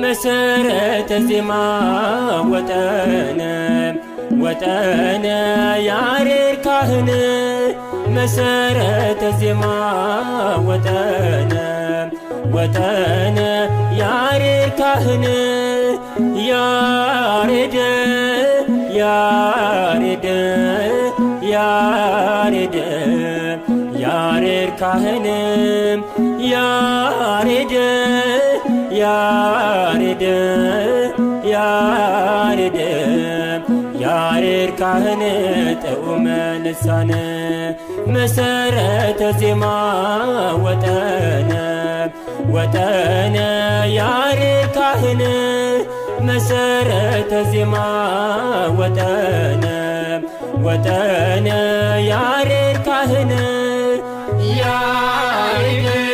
መሰረተ ዜማ ወጠነ ወጠነ ያሬድ ካህን መሰረተ ዜማ ወጠነ ወጠነ ያሬድ ካህን ያሬድ ያሬድ ያሬድ ያሬድ ካህን ያሬድ ያሬድ ያሬድ ያሬድ ካህን ጥዑመ ልሳን መሰረተ ዜማ ወጠነ ወጠነ ያሬድ ካህን መሰረተ ዜማ ወጠነ ወጠነ ያሬድ ካህን ያሬድ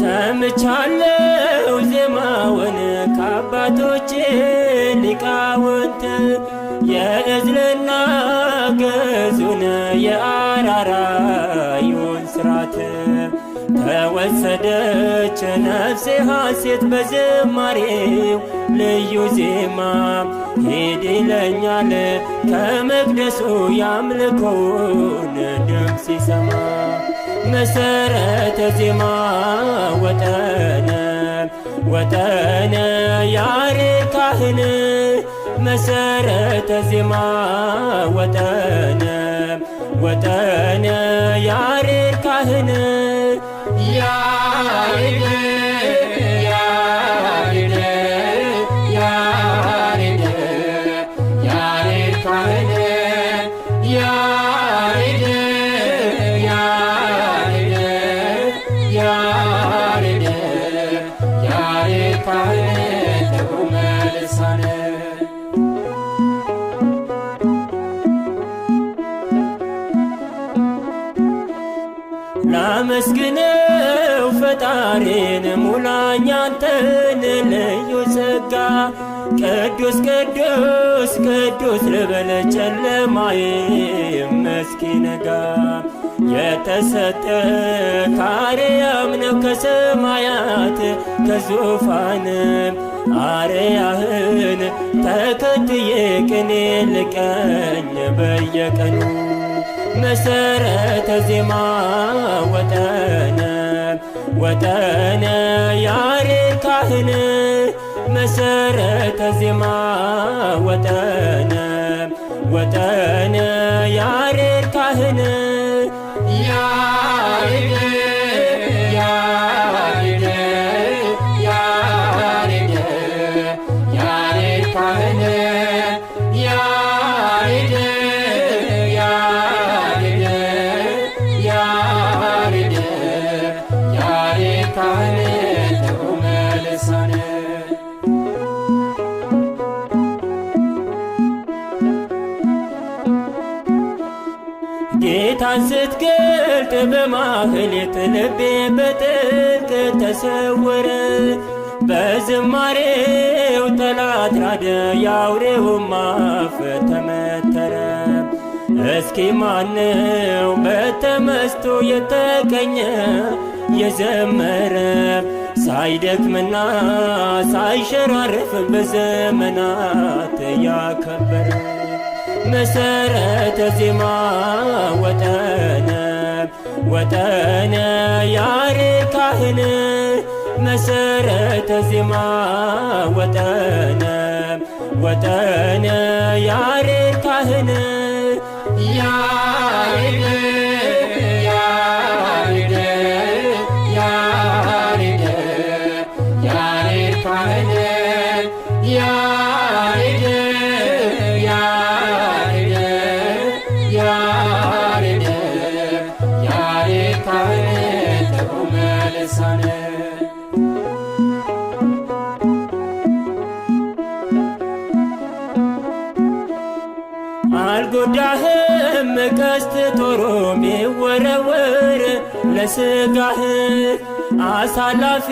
ሰምቻለው ዜማውን ከአባቶቼ ሊቃውንት የእዝልና ገዙን የአራራዩን ስራት ተወሰደች ነፍሴ ሐሴት በዝማሬው ልዩ ዜማ ሂድ ይለኛል ከመቅደሱ ያምልኮውን ድምፅ ሲሰማ መሰረተ ዜማ ወጠነ ወጠነ ያሬድ ካህን መሰረተ ዜማ ወጠነ ወጠነ ያሬድ ካህን ላመስግነው ፈጣሪን ሙላኝ አንተን ልዩ ጸጋ ቅዱስ ቅዱስ ቅዱስ ልበለ ጨለማዬ እስኪነጋ የተሰጠ ካርያም ነው ከሰማያት ከዙፋን አርያህን ተከትዬ ቅኔ ልቀኝ በየቀኑ መሰረተ ዜማ ወጠነ ወጠነ ያሬድ ካህን መሰረተ ዜማ ወጠነ ወጠነ ያሬድ ካህን ጌታን ስትገልጥ በማህሌት ልቤ በጥልቅ ተሰወረ። በዝማሬው ጠላት ራደ፣ የአውሬውም ተመተረ። እስኪ ማነው በተመስቶ የተቀኘ የዘመረ ሳይደክምና ሳይሸራርፍ በዘመናት ያከበረ መሰረተ ዜማ ወጠ ወጠነ ያሬድ ካህን መሰረተ ዜማ ወጠነ ወጠነ ያሬድ ካህን Yeah. ለሥጋህም ቀስት ቶሮ ቢወረወር ለስጋህ አሳላፊ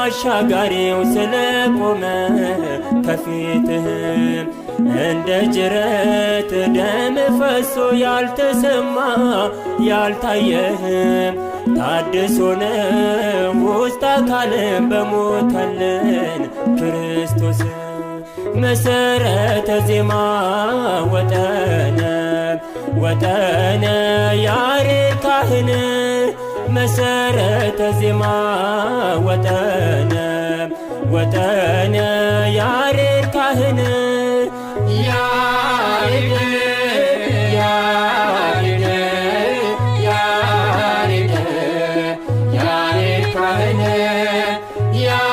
አሻጋሪው ስለቆመ ከፊትህ እንደ ጅረት ደም ፈሶ ያልተሰማ ያልታየህ ታድሶነ ውስጥ አካልን በሞተልን ክርስቶስ መሰረተ ዜማ ወጠነ ወጠነ ያሬድ ካህን መሰረተ ዜማ ወጠነ ወጠነ ያሬድ ካህን Yeah.